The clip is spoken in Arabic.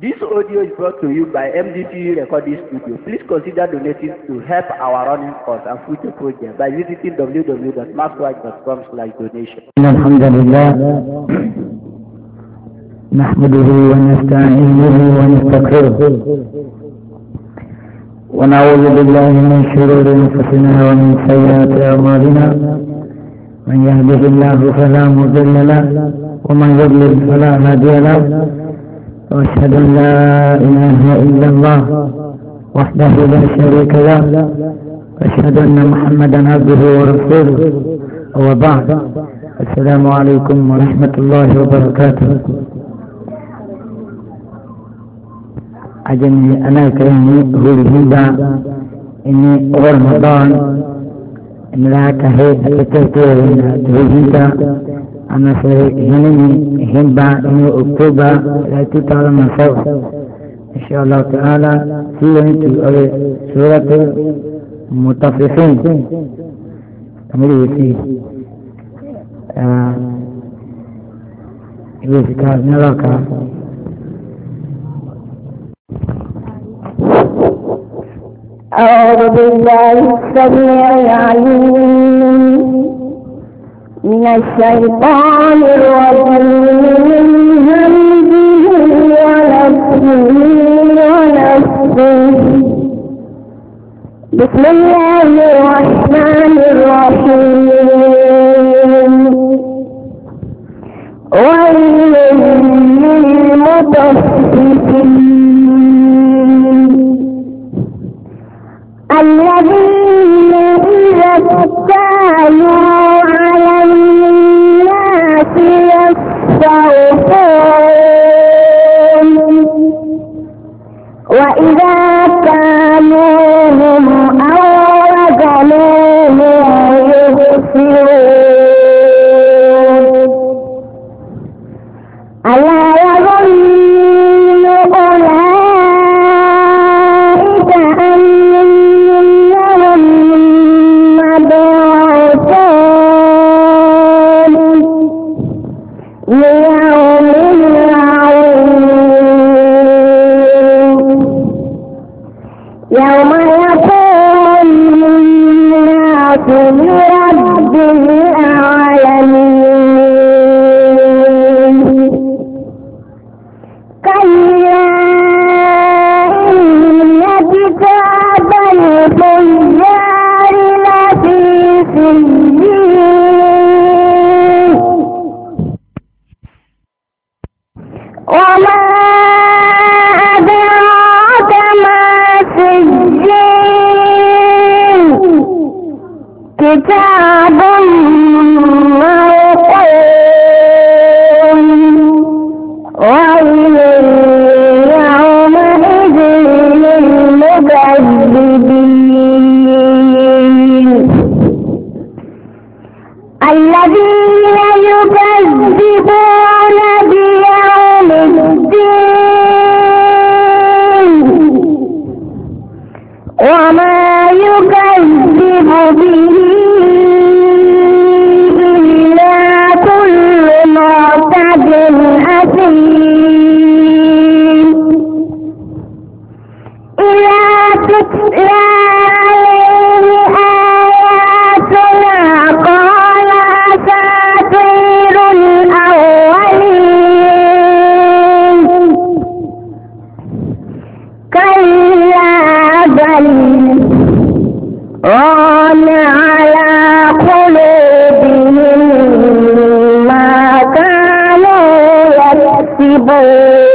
This audio is brought to you by MDTU Recording Studio. Please consider donating to help our running costs and future projects by visiting www.maxwatch.com slash donation. الحمد لله نحمده ونستعينه ونستغفره ونعوذ بالله من شرور انفسنا ومن سيئات اعمالنا من يهده الله فلا مضل له ومن يضلل فلا هادي له وأشهد أن لا إله إلا الله وحده لا شريك له وأشهد أن محمدا عبده ورسوله وبعد السلام عليكم ورحمة الله وبركاته أجني أنا كريم هو الهدى إني رمضان إن لا تهيئ أتتوى الهدى أنا في هنني هنبا إنه أكتوبر فوق إن شاء الله تعالى في سورة المتصفين تمريه فيه آه، يذكر نراك أعوذ بالله السميع العليم من الشيطان الرجيم من همزه ونفسه ونفسه بسم الله الرحمن الرحيم ويل للمطففين إذا كانوهم أو وزنوهم يخسرون لرب العالمين كلا إن كتاب الفجار لفي سجين وما كتاب موقوت Jibon